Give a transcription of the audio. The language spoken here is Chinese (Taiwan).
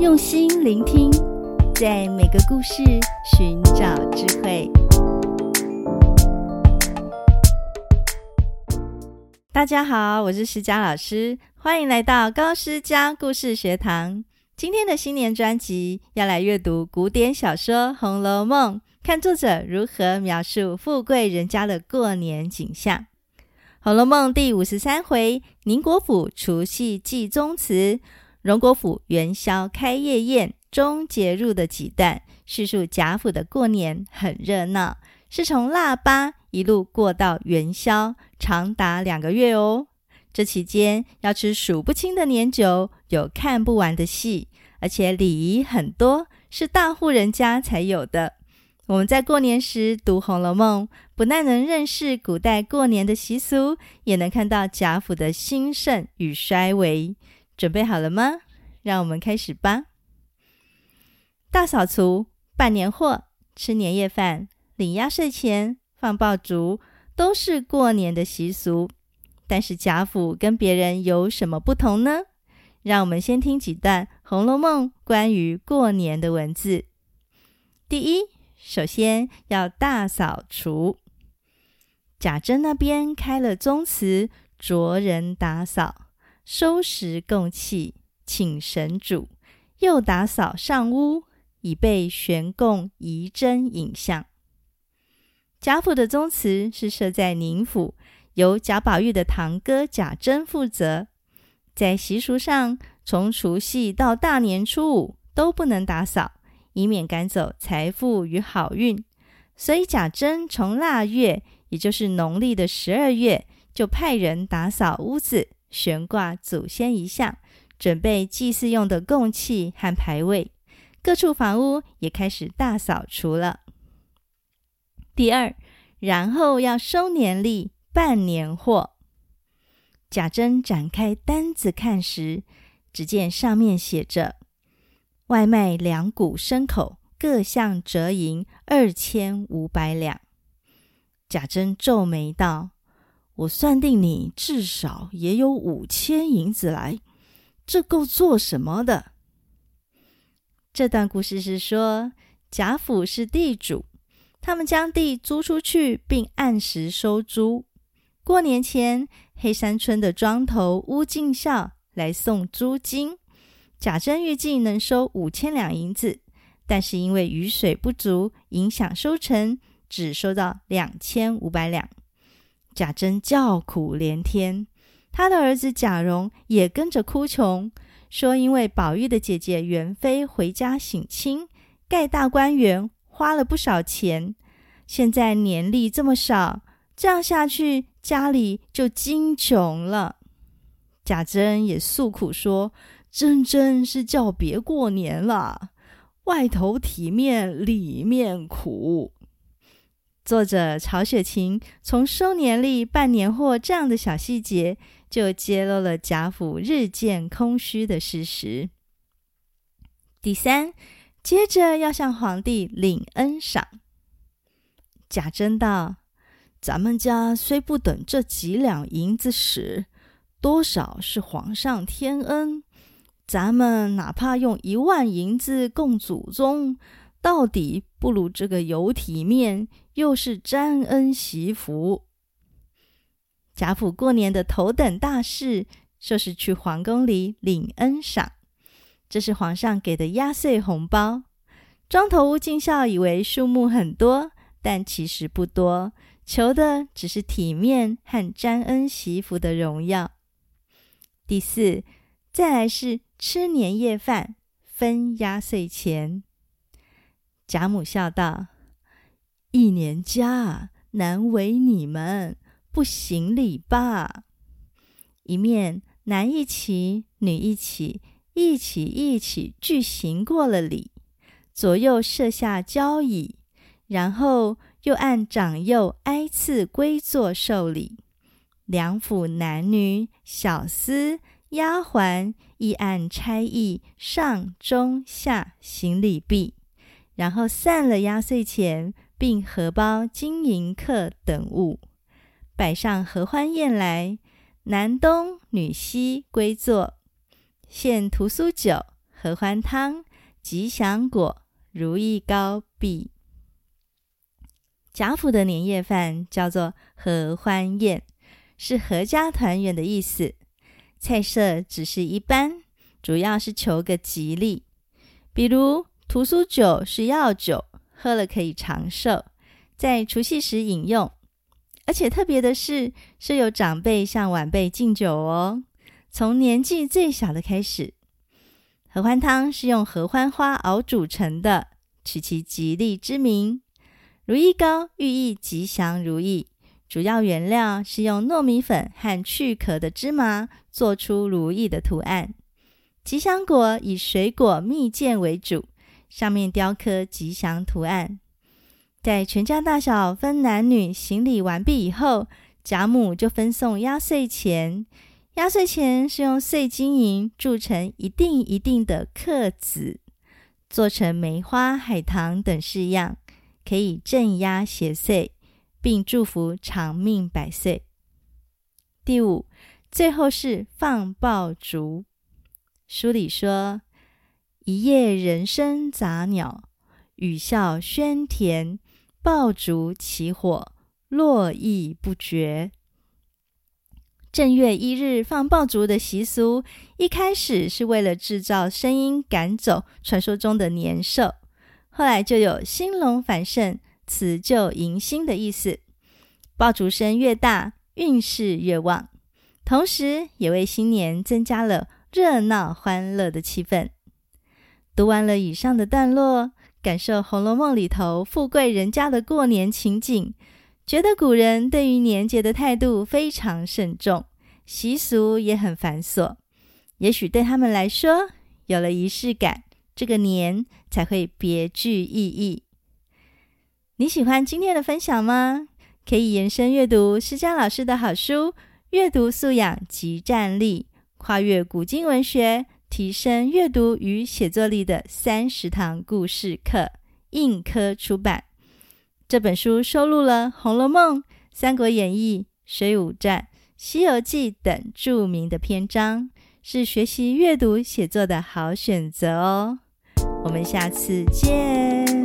用心聆聽，在每個故事尋找智慧。大家好，我是詩佳老師，歡迎來到高詩佳故事學堂。今天的新年專輯要來閱讀古典小說《紅樓夢》，看作者如何描述富貴人家的過年景象。《紅樓夢》第五十三回：寧國府除夕祭宗祠。榮國府元宵開夜宴，中結入的幾段。敘述賈府的過年很熱鬧，是從臘八一路過到元宵，長達兩個月哦。這期間要吃數不清的年酒，有看不完的戲，而且禮儀很多，是大戶人家才有的。我們在過年時讀《紅樓夢》，不但能認識古代過年的習俗，也能看到賈府的興盛與衰微。準備好了嗎？讓我們開始吧。大掃除、辦年貨、吃年夜飯、領壓歲錢、放爆竹，都是過年的習俗。但是賈府跟別人有什麼不同呢？讓我們先聽幾段《紅樓夢》關於過年的文字。第一，首先要大掃除。賈珍那邊開了宗祠，着人打掃，收拾供器，請神主；又打掃上屋，以備懸供遺真影像。賈府的宗祠是設在寧府，由賈寶玉的堂哥賈珍負責。在習俗上，從除夕到大年初五都不能打掃，以免趕走財富與好運。所以賈珍從臘月，也就是農曆的十二月，就派人打掃屋子。懸掛祖先遺像，準備祭祀用的供器和牌位，各處房屋也開始大掃除了。第二，然後要收年例，辦年貨。賈珍展開單子看時，只見上面寫着：“外賣兩股牲口，各項折銀二千五百兩。”賈珍皺眉道。我算定你至少也有五千銀子來，這夠做什麼的？這段故事是說，賈府是地主，他們將地租出去，並按時收租。過年前，黑山村的莊頭烏進孝來送租金，賈珍預計能收五千兩銀子，但是因為雨水不足，影響收成，只收到兩千五百兩。賈珍叫苦連天，他的兒子賈蓉也跟着哭窮，說因為寶玉的姐姐元妃回家省親，蓋大觀園花了不少錢，現在年例這麼少，這樣下去家裡就精窮了。賈珍也訴苦說，真真是叫別過年了，外頭體面，裡面苦。作者曹雪芹從收年利、辦年貨這樣的小細節，就揭露了賈府日漸空虛的事實。第三，接着要向皇帝領恩賞。賈珍道：“咱們家雖不等這幾兩銀子使，多少是皇上天恩。咱們哪怕用一萬銀子供祖宗。”到底不如這個有體面，又是沾恩錫福。賈府過年的頭等大事就是去皇宮裡領恩賞，這是皇上給的壓歲紅包。莊頭烏進孝以為數目很多，但其實不多，求的只是體面和沾恩錫福的榮耀。第四，再來是吃年夜飯，分壓歲錢。賈母笑道：“一年家難為你們，不行禮罷。”一面男一起，女一起，一起一起俱行過了禮，左右設下交椅，然後又按長幼挨次歸座受禮。兩府男女、小廝、丫鬟亦按差役上中下行禮畢。然後散了壓歲錢，並荷包、金銀錁等物，擺上合歡宴來，男東女西歸坐，獻屠蘇酒、合歡湯、吉祥果、如意糕畢。賈府的年夜飯叫做合歡宴，是合家團圓的意思。菜色只是一般，主要是求個吉利，比如。屠蘇酒是藥酒，喝了可以長壽，在除夕時飲用。而且特別的是，是由長輩向晚輩敬酒哦。從年紀最小的開始。合歡湯是用合歡花熬煮成的，取其吉利之名。如意糕寓意吉祥如意，主要原料是用糯米粉和去殼的芝麻做出如意的圖案。吉祥果以水果蜜餞為主。上面雕刻吉祥圖案。在全家大小分男女行禮完畢以後，賈母就分送壓歲錢。壓歲錢是用碎金銀鑄成一錠一錠的錁子，做成梅花、海棠等式樣，可以鎮壓邪祟，並祝福長命百歲。第五，最後是放爆竹。書裡說。一夜人聲雜鳥，語笑喧天，爆竹起火，絡繹不絕。正月一日放爆竹的習俗，一開始是為了制造聲音趕走傳說中的年獸，後來就有興隆繁盛、辭舊迎新的意思。爆竹聲越大，運勢越旺，同時也為新年增加了熱鬧歡樂的氣氛。讀完了以上的段落，感受《紅樓夢》裡頭富貴人家的過年情景，覺得古人對於年節的態度非常慎重，習俗也很繁瑣。也許對他們來說，有了儀式感，這個年才會別具意義。你喜歡今天的分享嗎？可以延伸閱讀詩佳老師的好書《閱讀素養即戰力：跨越古今文學》。提升閱讀與寫作力的三十堂故事課，印刻出版。這本書收錄了《紅樓夢》《三國演義》《水滸傳》《西遊記》等著名的篇章，是學習閱讀寫作的好選擇哦。我們下次見。